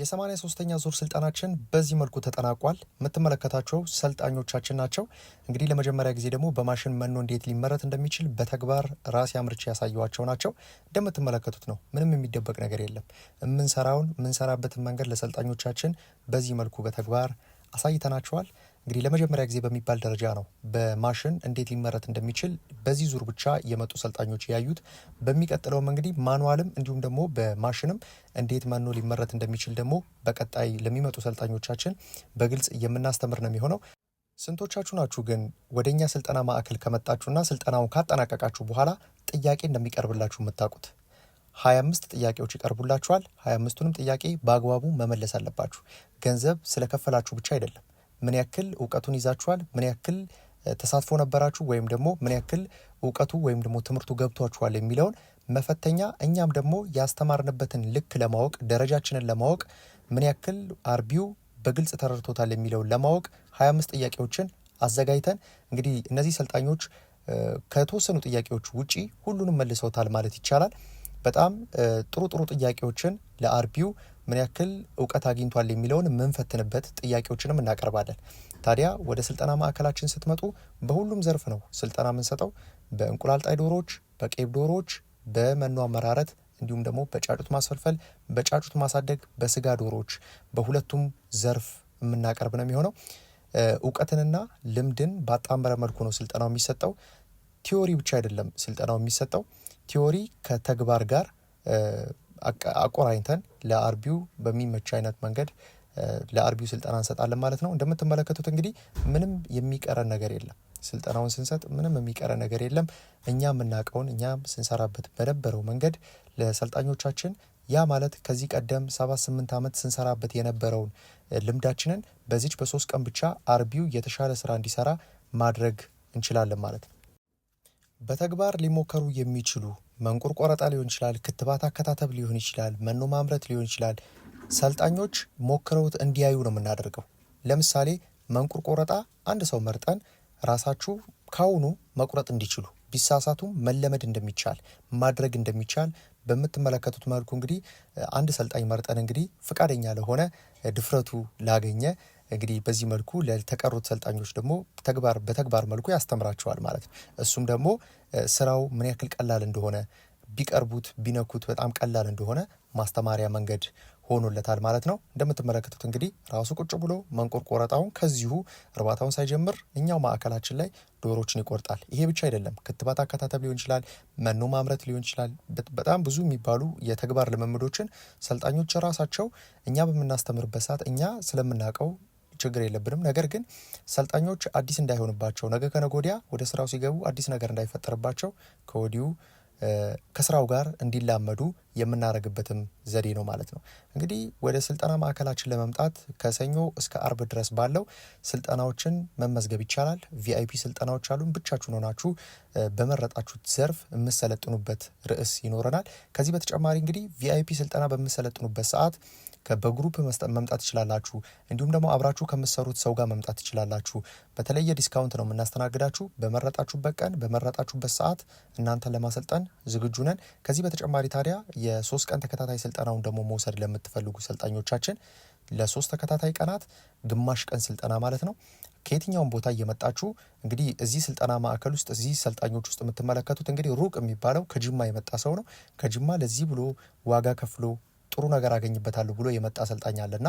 የሰማንያ ሶስተኛ ዙር ስልጠናችን በዚህ መልኩ ተጠናቋል። የምትመለከታቸው ሰልጣኞቻችን ናቸው። እንግዲህ ለመጀመሪያ ጊዜ ደግሞ በማሽን መኖ እንዴት ሊመረት እንደሚችል በተግባር ራሴ አምርቼ ያሳየዋቸው ናቸው። እንደምትመለከቱት ነው። ምንም የሚደበቅ ነገር የለም። የምንሰራውን የምንሰራበትን መንገድ ለሰልጣኞቻችን በዚህ መልኩ በተግባር አሳይተናቸዋል። እንግዲህ ለመጀመሪያ ጊዜ በሚባል ደረጃ ነው በማሽን እንዴት ሊመረት እንደሚችል በዚህ ዙር ብቻ የመጡ ሰልጣኞች ያዩት። በሚቀጥለውም እንግዲህ ማኑዋልም እንዲሁም ደግሞ በማሽንም እንዴት መኖ ሊመረት እንደሚችል ደግሞ በቀጣይ ለሚመጡ ሰልጣኞቻችን በግልጽ የምናስተምር ነው የሚሆነው። ስንቶቻችሁ ናችሁ ግን ወደ እኛ ስልጠና ማዕከል ከመጣችሁና ስልጠናውን ካጠናቀቃችሁ በኋላ ጥያቄ እንደሚቀርብላችሁ የምታውቁት? ሀያ አምስት ጥያቄዎች ይቀርቡላችኋል። ሀያ አምስቱንም ጥያቄ በአግባቡ መመለስ አለባችሁ። ገንዘብ ስለከፈላችሁ ብቻ አይደለም። ምን ያክል እውቀቱን ይዛችኋል፣ ምን ያክል ተሳትፎ ነበራችሁ፣ ወይም ደግሞ ምን ያክል እውቀቱ ወይም ደግሞ ትምህርቱ ገብቷችኋል የሚለውን መፈተኛ እኛም ደግሞ ያስተማርንበትን ልክ ለማወቅ ደረጃችንን ለማወቅ ምን ያክል አርቢው በግልጽ ተረድቶታል የሚለውን ለማወቅ 25 ጥያቄዎችን አዘጋጅተን እንግዲህ እነዚህ ሰልጣኞች ከተወሰኑ ጥያቄዎች ውጪ ሁሉንም መልሰውታል ማለት ይቻላል። በጣም ጥሩ ጥሩ ጥያቄዎችን ለአርቢው ምን ያክል እውቀት አግኝቷል የሚለውን የምንፈትንበት ጥያቄዎችንም እናቀርባለን። ታዲያ ወደ ስልጠና ማዕከላችን ስትመጡ በሁሉም ዘርፍ ነው ስልጠና የምንሰጠው። በእንቁላል ጣይ ዶሮዎች፣ በቄብ ዶሮዎች፣ በመኖ አመራረት እንዲሁም ደግሞ በጫጩት ማስፈልፈል፣ በጫጩት ማሳደግ፣ በስጋ ዶሮዎች በሁለቱም ዘርፍ የምናቀርብ ነው የሚሆነው። እውቀትንና ልምድን ባጣመረ መልኩ ነው ስልጠናው የሚሰጠው። ቲዎሪ ብቻ አይደለም ስልጠናው የሚሰጠው ቲዎሪ ከተግባር ጋር አቆራኝተን ለአርቢው በሚመች አይነት መንገድ ለአርቢው ስልጠና እንሰጣለን ማለት ነው። እንደምትመለከቱት እንግዲህ ምንም የሚቀረን ነገር የለም። ስልጠናውን ስንሰጥ ምንም የሚቀረ ነገር የለም። እኛ የምናውቀውን እኛ ስንሰራበት በነበረው መንገድ ለሰልጣኞቻችን ያ ማለት ከዚህ ቀደም ሰባት ስምንት ዓመት ስንሰራበት የነበረውን ልምዳችንን በዚች በሶስት ቀን ብቻ አርቢው የተሻለ ስራ እንዲሰራ ማድረግ እንችላለን ማለት ነው። በተግባር ሊሞከሩ የሚችሉ መንቁር ቆረጣ ሊሆን ይችላል፣ ክትባት አከታተብ ሊሆን ይችላል፣ መኖ ማምረት ሊሆን ይችላል። ሰልጣኞች ሞክረውት እንዲያዩ ነው የምናደርገው። ለምሳሌ መንቁር ቆረጣ አንድ ሰው መርጠን ራሳችሁ ካሁኑ መቁረጥ እንዲችሉ ቢሳሳቱም መለመድ እንደሚቻል ማድረግ እንደሚቻል በምትመለከቱት መልኩ እንግዲህ አንድ ሰልጣኝ መርጠን እንግዲህ ፈቃደኛ ለሆነ ድፍረቱ ላገኘ እንግዲህ በዚህ መልኩ ለተቀሩት ሰልጣኞች ደግሞ ተግባር በተግባር መልኩ ያስተምራቸዋል ማለት ነው። እሱም ደግሞ ስራው ምን ያክል ቀላል እንደሆነ ቢቀርቡት ቢነኩት በጣም ቀላል እንደሆነ ማስተማሪያ መንገድ ሆኖለታል ማለት ነው። እንደምትመለከቱት እንግዲህ ራሱ ቁጭ ብሎ መንቆርቆረጣውን ከዚሁ እርባታውን ሳይጀምር እኛው ማዕከላችን ላይ ዶሮችን ይቆርጣል። ይሄ ብቻ አይደለም፣ ክትባት አካታተብ ሊሆን ይችላል፣ መኖ ማምረት ሊሆን ይችላል። በጣም ብዙ የሚባሉ የተግባር ልምምዶችን ሰልጣኞች ራሳቸው እኛ በምናስተምርበት ሰዓት እኛ ስለምናውቀው ችግር የለብንም። ነገር ግን ሰልጣኞች አዲስ እንዳይሆንባቸው ነገ ከነገ ወዲያ ወደ ስራው ሲገቡ አዲስ ነገር እንዳይፈጠርባቸው ከወዲሁ ከስራው ጋር እንዲላመዱ የምናደርግበትም ዘዴ ነው ማለት ነው። እንግዲህ ወደ ስልጠና ማዕከላችን ለመምጣት ከሰኞ እስከ አርብ ድረስ ባለው ስልጠናዎችን መመዝገብ ይቻላል። ቪአይፒ ስልጠናዎች አሉን። ብቻችሁን ሆናችሁ በመረጣችሁት ዘርፍ የምሰለጥኑበት ርዕስ ይኖረናል። ከዚህ በተጨማሪ እንግዲህ ቪአይፒ ስልጠና በምሰለጥኑበት ሰዓት በግሩፕ መምጣት ትችላላችሁ። እንዲሁም ደግሞ አብራችሁ ከምትሰሩት ሰው ጋር መምጣት ትችላላችሁ። በተለየ ዲስካውንት ነው የምናስተናግዳችሁ። በመረጣችሁበት ቀን በመረጣችሁበት ሰዓት እናንተ ለማሰልጠን ዝግጁ ነን። ከዚህ በተጨማሪ ታዲያ የሶስት ቀን ተከታታይ ስልጠናውን ደግሞ መውሰድ ለምትፈልጉ ሰልጣኞቻችን ለሶስት ተከታታይ ቀናት ግማሽ ቀን ስልጠና ማለት ነው ከየትኛውም ቦታ እየመጣችሁ እንግዲህ እዚህ ስልጠና ማዕከል ውስጥ እዚህ ሰልጣኞች ውስጥ የምትመለከቱት እንግዲህ ሩቅ የሚባለው ከጅማ የመጣ ሰው ነው። ከጅማ ለዚህ ብሎ ዋጋ ከፍሎ ጥሩ ነገር አገኝበታለሁ ብሎ የመጣ አሰልጣኝ አለና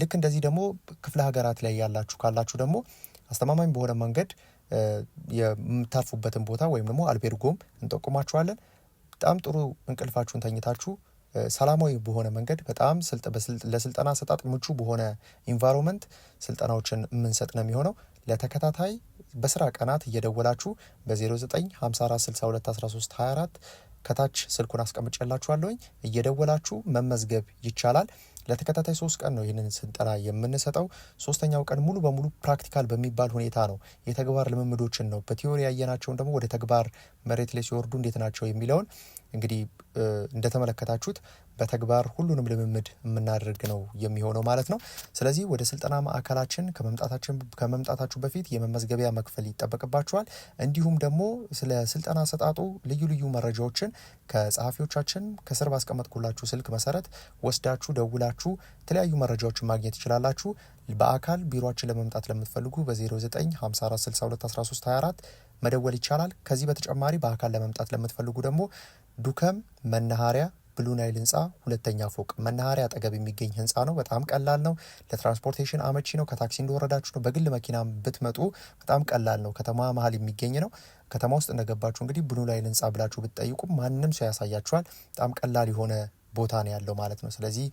ልክ እንደዚህ ደግሞ ክፍለ ሀገራት ላይ ያላችሁ ካላችሁ ደግሞ አስተማማኝ በሆነ መንገድ የምታርፉበትን ቦታ ወይም ደግሞ አልቤርጎም እንጠቁማችኋለን። በጣም ጥሩ እንቅልፋችሁን ተኝታችሁ ሰላማዊ በሆነ መንገድ በጣም ለስልጠና አሰጣጥ ምቹ በሆነ ኢንቫይሮንመንት ስልጠናዎችን የምንሰጥ ነው የሚሆነው። ለተከታታይ በስራ ቀናት እየደወላችሁ በ0954621324 ከታች ስልኩን አስቀምጬላችኋለሁኝ እየደወላችሁ መመዝገብ ይቻላል። ለተከታታይ ሶስት ቀን ነው ይህንን ስልጠና የምንሰጠው። ሶስተኛው ቀን ሙሉ በሙሉ ፕራክቲካል በሚባል ሁኔታ ነው የተግባር ልምምዶችን ነው በቲዮሪ ያየናቸውን ደግሞ ወደ ተግባር መሬት ላይ ሲወርዱ እንዴት ናቸው የሚለውን እንግዲህ እንደተመለከታችሁት በተግባር ሁሉንም ልምምድ የምናደርግ ነው የሚሆነው ማለት ነው። ስለዚህ ወደ ስልጠና ማዕከላችን ከመምጣታችሁ በፊት የመመዝገቢያ መክፈል ይጠበቅባችኋል። እንዲሁም ደግሞ ስለ ስልጠና አሰጣጡ ልዩ ልዩ መረጃዎችን ከጸሐፊዎቻችን ከስር ባስቀመጥኩላችሁ ስልክ መሰረት ወስዳችሁ ደውላችሁ የተለያዩ መረጃዎችን ማግኘት ትችላላችሁ። በአካል ቢሮችን ለመምጣት ለምትፈልጉ በ0954621324 መደወል ይቻላል። ከዚህ በተጨማሪ በአካል ለመምጣት ለምትፈልጉ ደግሞ ዱከም መናኸሪያ ብሉ ናይል ህንፃ ሁለተኛ ፎቅ መናኸሪያ አጠገብ የሚገኝ ህንፃ ነው። በጣም ቀላል ነው። ለትራንስፖርቴሽን አመቺ ነው። ከታክሲ እንደወረዳችሁ ነው። በግል መኪና ብትመጡ በጣም ቀላል ነው። ከተማ መሀል የሚገኝ ነው። ከተማ ውስጥ እንደገባችሁ እንግዲህ ብሉ ናይል ህንፃ ብላችሁ ብትጠይቁ ማንም ሰው ያሳያችኋል። በጣም ቀላል የሆነ ቦታ ነው ያለው ማለት ነው። ስለዚህ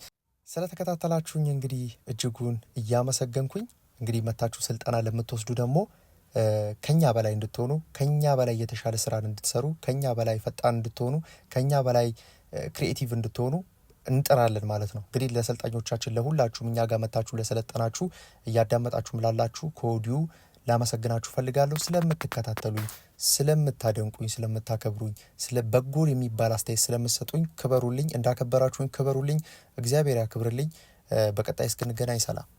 ስለተከታተላችሁኝ እንግዲህ እጅጉን እያመሰገንኩኝ እንግዲህ መታችሁ ስልጠና ለምትወስዱ ደግሞ ከኛ በላይ እንድትሆኑ ከኛ በላይ የተሻለ ስራን እንድትሰሩ ከኛ በላይ ፈጣን እንድትሆኑ ከኛ በላይ ክሪኤቲቭ እንድትሆኑ እንጥራለን ማለት ነው። እንግዲህ ለሰልጣኞቻችን ለሁላችሁም እኛ ጋር መታችሁ ለሰለጠናችሁ እያዳመጣችሁም ላላችሁ ከወዲሁ ላመሰግናችሁ ፈልጋለሁ። ስለምትከታተሉኝ፣ ስለምታደንቁኝ፣ ስለምታከብሩኝ፣ ስለ በጎ የሚባል አስተያየት ስለምትሰጡኝ ክበሩልኝ። እንዳከበራችሁኝ ክበሩልኝ። እግዚአብሔር ያክብርልኝ። በቀጣይ እስክንገናኝ ሰላም።